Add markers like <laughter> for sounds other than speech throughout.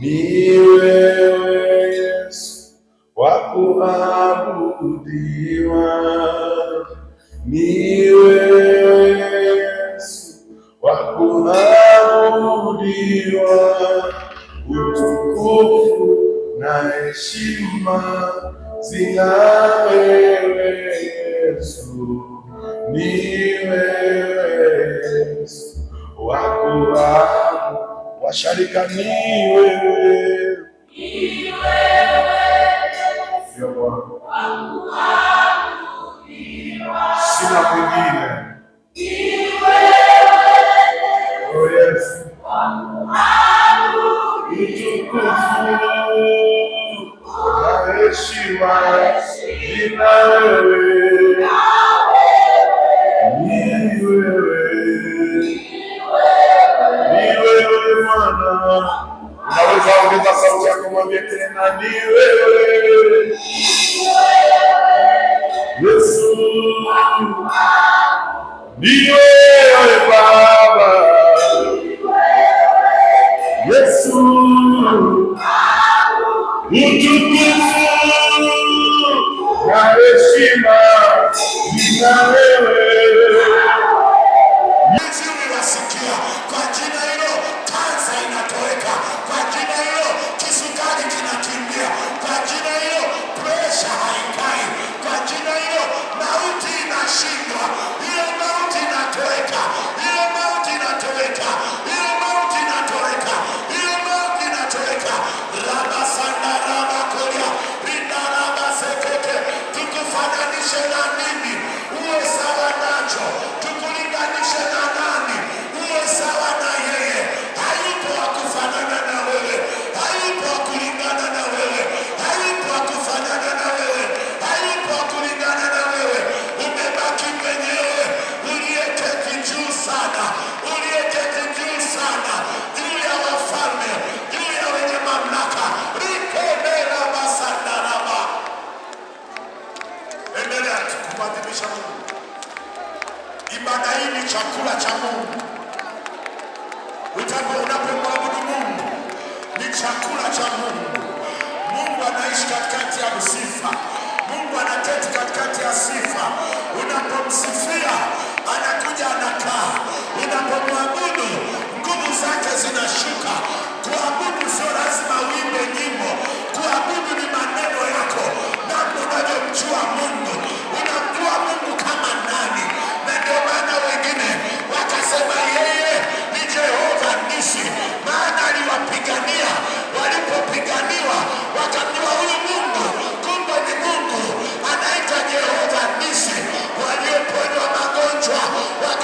Ni wewe Yesu wa kuabudiwa, ni wewe Yesu wa kuabudiwa, utukufu na heshima zina wewe Yesu, ni wewe Yesu wa kuabudiwa. Washarika e te confundo a este mar de Naue. Talvez a organização tenha como a vitrina Niueue. Jesus, Niueue Baba. Jesus, e na estima e anaishi katikati ya sifa. Mungu anaketi katikati ya sifa. Unapomsifia anakuja anakaa, unapomwabudu nguvu zake zinashuka. Kuabudu sio lazima uimbe nyimbo.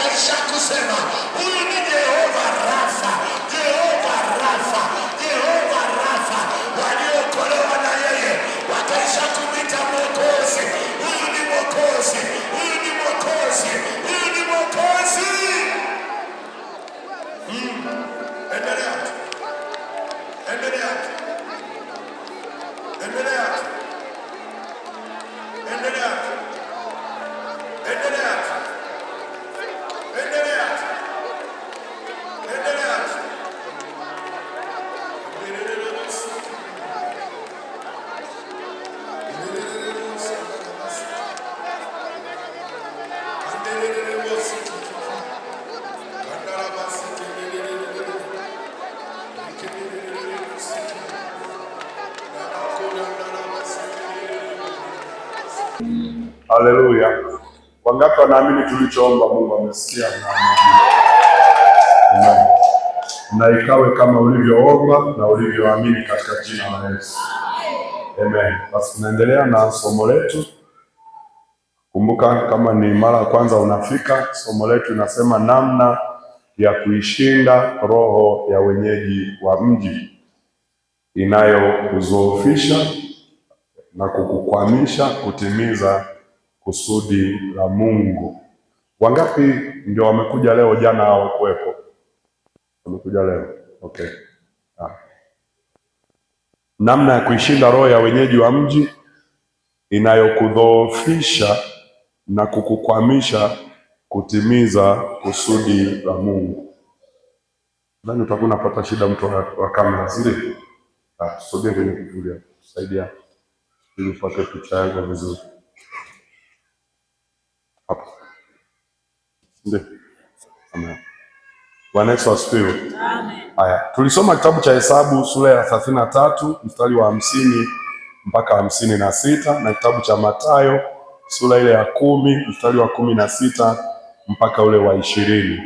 akaisha kusema huyu ni Yehova. Wangapi wanaamini tulichoomba Mungu amesikia? Amen. Na ikawe kama ulivyoomba na ulivyoamini katika jina la Yesu. Amen. Basi tunaendelea na somo letu. Kumbuka kama ni mara ya kwanza unafika, somo letu inasema namna ya kuishinda roho ya wenyeji wa mji inayokuzoofisha na kukukwamisha kutimiza kusudi la Mungu. Wangapi ndio wamekuja leo? Jana hawakuwepo, wamekuja leo. Okay, ah. Namna ya kuishinda roho ya wenyeji wa mji inayokudhoofisha na kukukwamisha kutimiza kusudi la Mungu. Nani utakuwa unapata shida mtu wa kamera zile. Ah, sogea kwenye kivuli, tusaidia ili upate picha yako vizuri hapo. Ndio. Amen. Bwana Yesu asifiwe. Amen. Haya, tulisoma kitabu cha Hesabu sura ya 33 mstari wa hamsini mpaka hamsini na sita na kitabu cha Mathayo sura ile ya kumi mstari wa kumi na sita mpaka ule wa ishirini.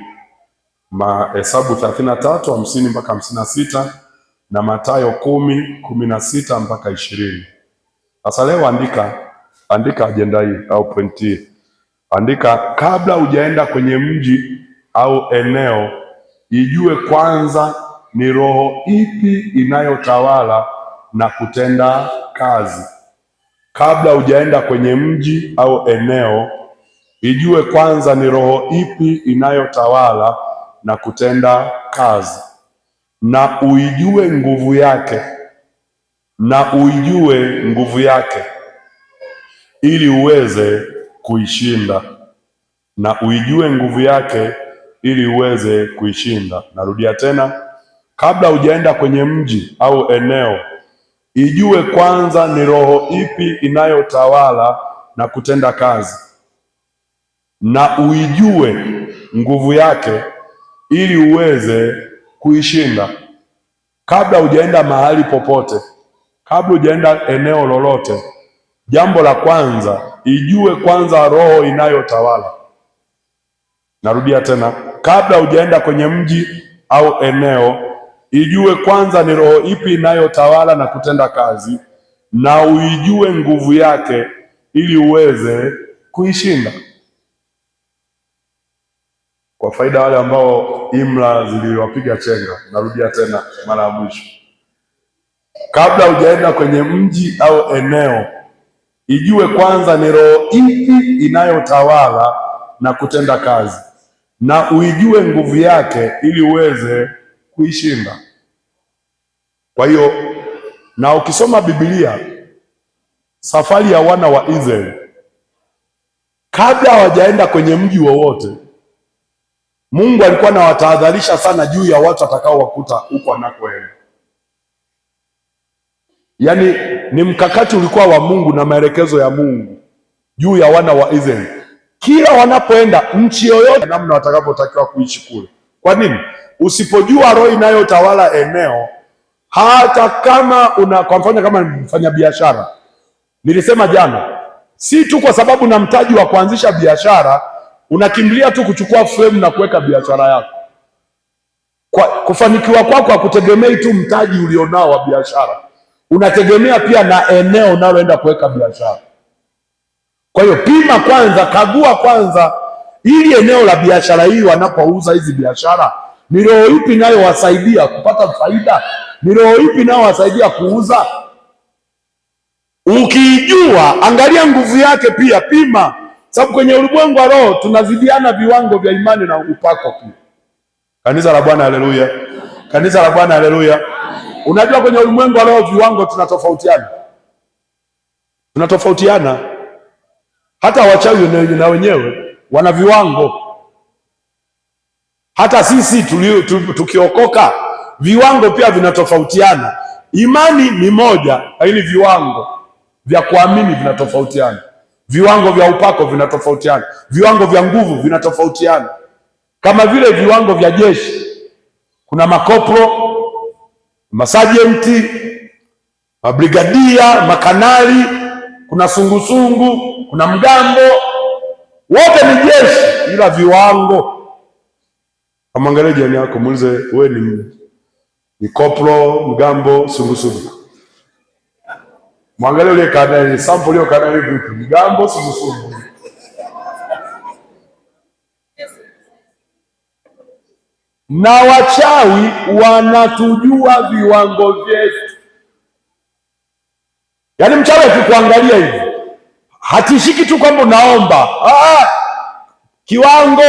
Mahesabu 33 hamsini mpaka hamsini na sita na Mathayo kumi kumi na sita mpaka ishirini. Sasa leo andika andika ajenda hii au pointi hii andika kabla hujaenda kwenye mji au eneo, ijue kwanza ni roho ipi inayotawala na kutenda kazi. Kabla hujaenda kwenye mji au eneo, ijue kwanza ni roho ipi inayotawala na kutenda kazi, na uijue nguvu yake, na uijue nguvu yake ili uweze kuishinda na uijue nguvu yake ili uweze kuishinda. Narudia tena, kabla hujaenda kwenye mji au eneo, ijue kwanza ni roho ipi inayotawala na kutenda kazi, na uijue nguvu yake ili uweze kuishinda. Kabla hujaenda mahali popote, kabla hujaenda eneo lolote Jambo la kwanza, ijue kwanza roho inayotawala. Narudia tena, kabla hujaenda kwenye mji au eneo, ijue kwanza ni roho ipi inayotawala na kutenda kazi, na uijue nguvu yake ili uweze kuishinda. Kwa faida wale ambao imla ziliwapiga chenga, narudia tena mara ya mwisho, kabla hujaenda kwenye mji au eneo ijue kwanza ni roho ipi inayotawala na kutenda kazi, na uijue nguvu yake ili uweze kuishinda. Kwa hiyo na ukisoma Biblia, safari ya wana wa Israeli kabla hawajaenda kwenye mji wowote, Mungu alikuwa anawatahadharisha sana juu ya watu atakaowakuta huko anakoenda. Yaani ni mkakati ulikuwa wa Mungu na maelekezo ya Mungu juu ya wana wa Israeli, kila wanapoenda nchi yoyote, namna watakavyotakiwa kuishi kule. Kwa nini? Usipojua roho inayotawala eneo, hata kama una kwa mfano, kama mfanya biashara, nilisema jana, si tu kwa sababu na mtaji wa kuanzisha biashara unakimbilia tu kuchukua frame na kuweka biashara yako. Kwa kufanikiwa kwako hakutegemei tu mtaji ulionao wa biashara unategemea pia na eneo unaloenda kuweka biashara. Kwa hiyo pima kwanza, kagua kwanza, ili eneo la biashara hii wanapouza hizi biashara ni roho ipi inayowasaidia kupata faida, ni roho ipi inayowasaidia kuuza. Ukiijua, angalia nguvu yake pia, pima, sababu kwenye ulimwengu wa roho tunazidiana viwango vya imani na upako pia. Kanisa la Bwana, haleluya! Kanisa la Bwana, haleluya! Unajua, kwenye ulimwengu wa roho viwango tunatofautiana, tunatofautiana. Hata wachawi na wenyewe wana viwango. Hata sisi tukiokoka, viwango pia vinatofautiana. Imani ni moja, lakini viwango vya kuamini vinatofautiana, viwango vya upako vinatofautiana, viwango vya nguvu vinatofautiana, kama vile viwango vya jeshi. Kuna makopro masajenti, mabrigadia, makanali, kuna sungusungu, kuna mgambo, wote ni jeshi, ila viwango. Amwangalie jirani yako, muulize wewe ni ni koplo, mgambo, sungusungu. Mwangalie ule kanali, sample hiyo kanali, vipi? Mgambo, sungusungu na wachawi wanatujua viwango vyetu. Yaani mchawi akikuangalia hivi hatishiki tu kwamba unaomba ah, kiwango.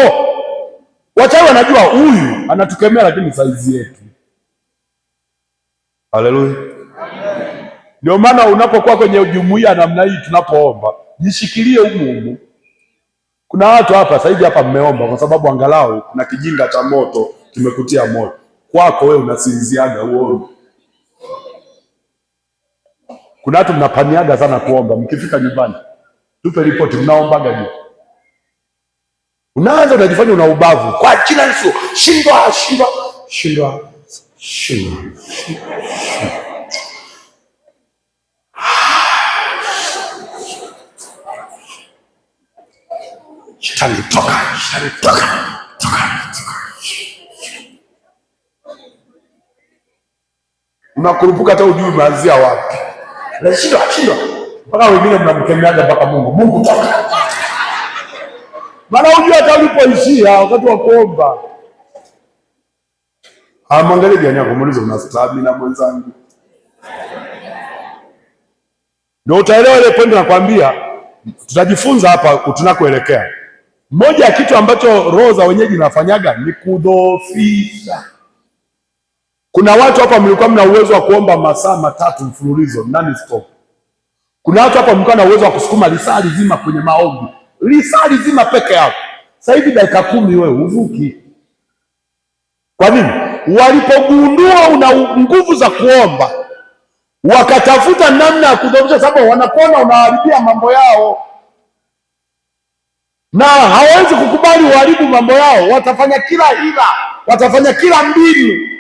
Wachawi wanajua huyu anatukemea, lakini saizi yetu. Haleluya! Ndio maana unapokuwa kwenye jumuiya namna hii, tunapoomba jishikilie humu humu. Kuna watu hapa saizi hapa mmeomba kwa sababu angalau kuna kijinga cha moto tumekutia moyo. Kwako wewe unasinziaga uone. Kuna watu mnapaniaga sana kuomba, mkifika nyumbani, tupe ripoti, mnaombaga juu. Unaanza unajifanya una ubavu kwa kila Yesu, shindwa shindwa shindwa shindwa. Shetani toka, shetani toka. unakurupuka hata ujui umeanzia wapi, nashindwa shindwa mpaka wengine mnamkemeaga mpaka Mungu, Mungu toka, maana ujui hata ulipoishia wakati wa kuomba. Amwangalie ah, jirani yako, muulize una stamina mwenzangu? Ndio utaelewa ile pendo. nakwambia. Tutajifunza hapa tunakoelekea. Moja ya kitu ambacho roho za wenyeji nafanyaga ni kudhoofisha kuna watu hapa mlikuwa mna uwezo wa kuomba masaa matatu mfululizo nani stop. Kuna watu hapa mlikuwa na uwezo wa kusukuma lisaa lizima kwenye maombi, lisaa lizima peke yako. Sasa hivi dakika kumi wewe uvuki. Kwa nini? Walipogundua una nguvu za kuomba, wakatafuta namna ya kudhoofisha, sababu wanapona unaharibia mambo yao na hawawezi kukubali uharibu mambo yao, watafanya kila hila, watafanya kila mbinu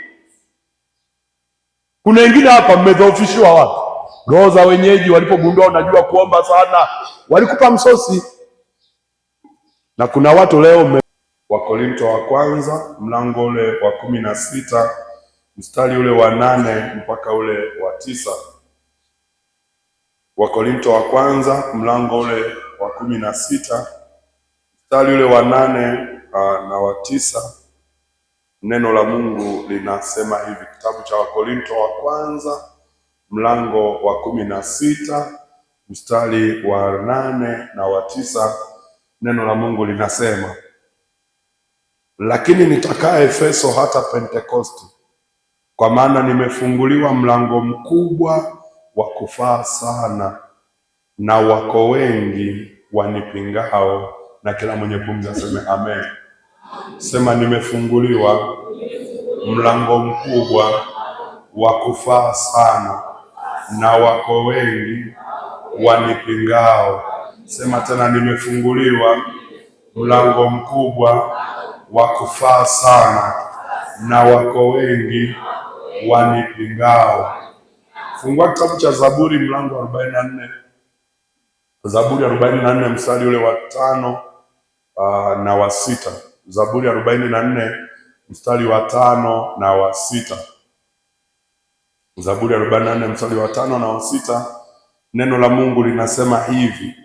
kuna wengine hapa mmedhoofishiwa watu, roho za wenyeji walipogundua unajua kuomba sana, walikupa msosi. Na kuna watu leo me... Wakorinto wa kwanza mlango ule wa kumi na sita mstari ule wa nane mpaka ule wa tisa. Wakorinto wa kwanza mlango ule wa kumi na sita mstari ule wa nane ah, na wa tisa Neno la Mungu linasema hivi, kitabu cha Wakorinto wa kwanza mlango wa kumi na sita mstari wa nane na wa tisa. Neno la Mungu linasema lakini nitakaa Efeso hata pentekosti kwa maana nimefunguliwa mlango mkubwa wa kufaa sana, na wako wengi wanipingao, na kila mwenye pumzi aseme amen. Sema, nimefunguliwa mlango mkubwa wa kufaa sana na wako wengi wanipingao. Sema tena, nimefunguliwa mlango mkubwa wa kufaa sana na wako wengi wanipingao. Fungua kitabu cha Zaburi mlango 44, na nne Zaburi 44 na nne mstari ule wa tano uh, na wa sita. Zaburi arobaini na nne mstari wa tano na wa sita. Zaburi arobaini na nne mstari wa tano na wa sita, neno la Mungu linasema hivi: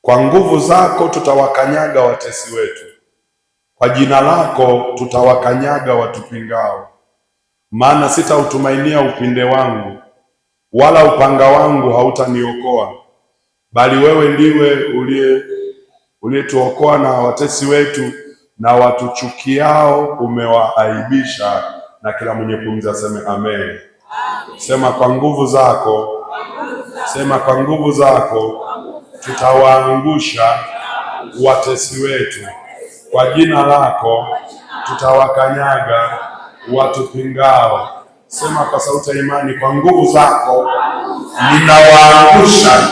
kwa nguvu zako tutawakanyaga watesi wetu, kwa jina lako tutawakanyaga watupingao. Maana sitautumainia upinde wangu, wala upanga wangu hautaniokoa, bali wewe ndiwe uliye uliyetuokoa na watesi wetu na watuchukiao umewaaibisha, na kila mwenye pumzi aseme amen. Sema kwa nguvu zako, sema kwa nguvu zako tutawaangusha watesi wetu, kwa jina lako tutawakanyaga watupingao. Sema kwa sauti ya imani, kwa nguvu zako ninawaangusha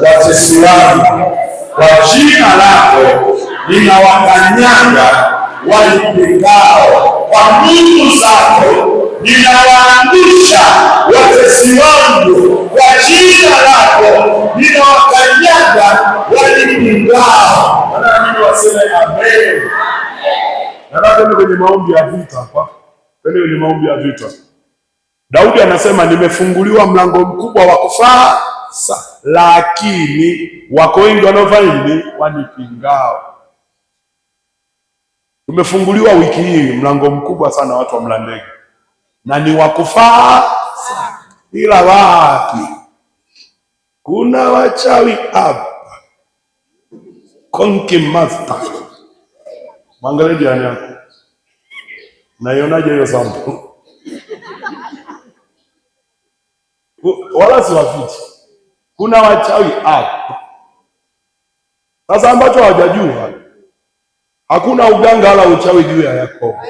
watesi wangu kwa jina lako ninawakanyaga walipingao kwa nguvu zako, ninawaangusha watesi wangu kwa jina lako ninawakanyaga walipingao. Wanaamini waseme amen. Nataka tuende kwenye maombi ya vita hapa, tuende kwenye maombi ya vita. Daudi anasema nimefunguliwa mlango mkubwa wa kufaa lakini wako wengi wanaofanya nini? Wanipingao. Tumefunguliwa wiki hii mlango mkubwa sana, watu wa Mlandege, na ni wakufaa ila wapi, kuna wachawi hapa. Konki master, mwangalie jirani yako. Naionaje hiyo sambu? <laughs> wala siwafichi kuna wachawi hapa. Sasa ambacho hawajajua, hakuna uganga wala uchawi juu ya Yakobo,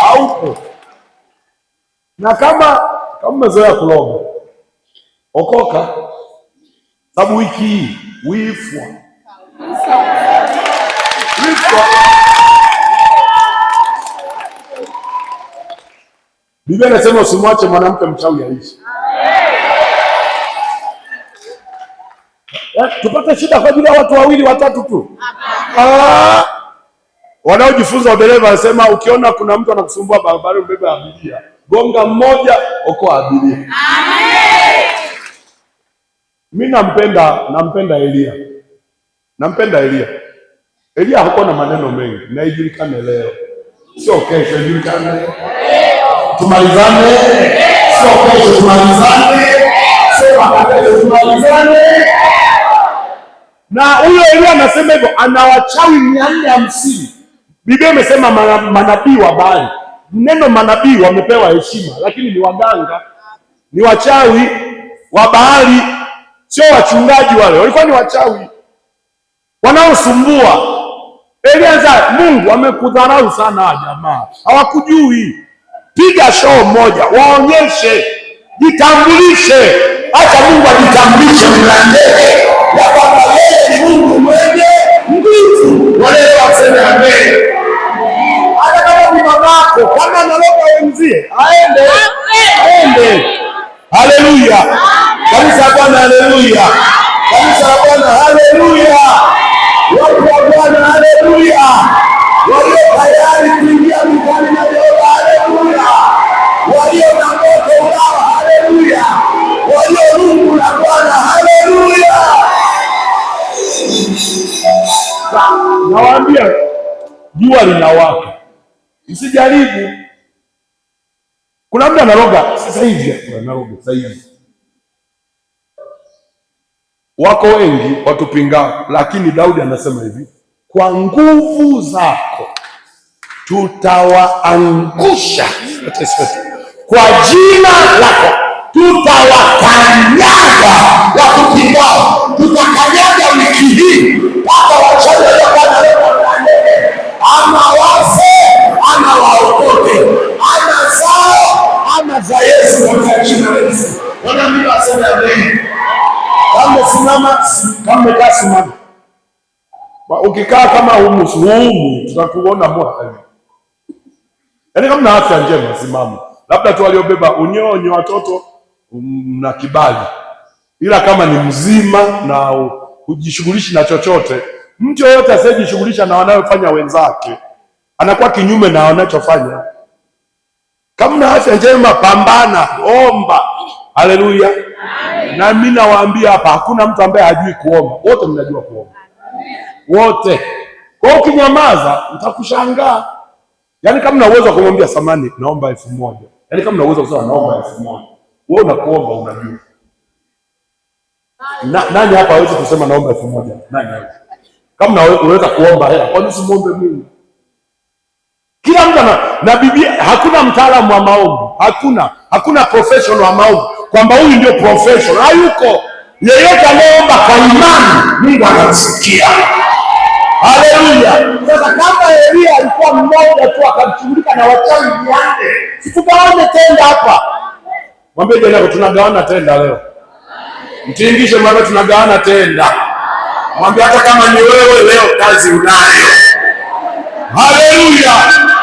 haupo. Na kama kama umezoea kuloga, okoka, sababu wiki hii uifwa Biblia inasema usimwache mwanamke mchawi aishi. Eh, tupate shida kwa ajili ya watu wawili watatu tu. Ah, wanaojifunza udereva wanasema ukiona kuna mtu anakusumbua barabarani, ubebe abiria, gonga mmoja, okoa abiria. Amen. Mimi nampenda, nampenda Elia, nampenda Elia. Elia hakuwa na maneno mengi, na ijulikane leo, sio kesho. Ijulikane leo, tumalizane, sio kesho, tumalizane, sio kesho, tumalizane na huyo Elia anasema hivyo, ana wachawi mia nne hamsini. Biblia imesema manabii wa Baali. Neno manabii wamepewa heshima, lakini ni waganga, ni wachawi wa Baali, sio wachungaji. Wale walikuwa ni wachawi wanaosumbua Eliaza. Mungu amekudharau sana, jamaa hawakujui. Piga shoo moja, waonyeshe, jitambulishe, acha Mungu ajitambulishe, mlandee Mungu mwenye nguvu, wanaweza waseme amen. Hata kama ni babako, kama analoka wenzie, aende aende. Haleluya kabisa, Bwana haleluya kabisa, Bwana haleluya, watu wa Bwana haleluya, walio tayari kuingia mtani na Jehova haleluya, walio na moto ulao haleluya, walio rungu na Bwana haleluya. Nawaambia jua linawaka, msijaribu. Kuna mtu anaroga sasa hivi, anaroga sasa hivi. Wako wengi watupinga lakini Daudi anasema hivi, kwa nguvu zako tutawaangusha <laughs> kwa jina lako tutawakanyaga wakukingao, tutakanyaga wiki hii mpaka wachache ama wafe ama waokote ama zao ama za Yesu watajina simama. Ukikaa kama humu tutakuona yaani kama na afya njema, simama. Labda tu waliobeba unyonyo watoto mna kibali, ila kama ni mzima na hujishughulishi na chochote, mtu yoyote asiyejishughulisha na wanayofanya wenzake anakuwa kinyume na wanachofanya. Kama na afya njema, pambana, omba. Haleluya! Na mimi nawaambia hapa, hakuna mtu ambaye hajui kuomba, wote mnajua kuomba, wote. Kwa hiyo ukinyamaza, utakushangaa. Yaani kama na uwezo wa kumwambia samani, naomba elfu moja, yaani kama na uwezo wa kusema naomba elfu moja wewe unakuomba, unajua na, nani hapa hawezi kusema naomba elfu moja? Nani hapa kama unaweza kuomba hela, nini usimuombe Mungu? Kila mtu na Biblia, hakuna mtaalamu wa maombi, hakuna hakuna professional wa maombi kwamba huyu ndio professional, hayuko. Yeyote anayeomba kwa imani Mungu anamsikia. Haleluya! Sasa kama Elia alikuwa mmoja tu akamshughulika na wachawi mia situkaone tenda hapa Mwambie jirani, tunagawana tenda leo, mtingishe, mwambie tunagawana tenda, mwambie hata kama ni wewe leo kazi unayo. Haleluya!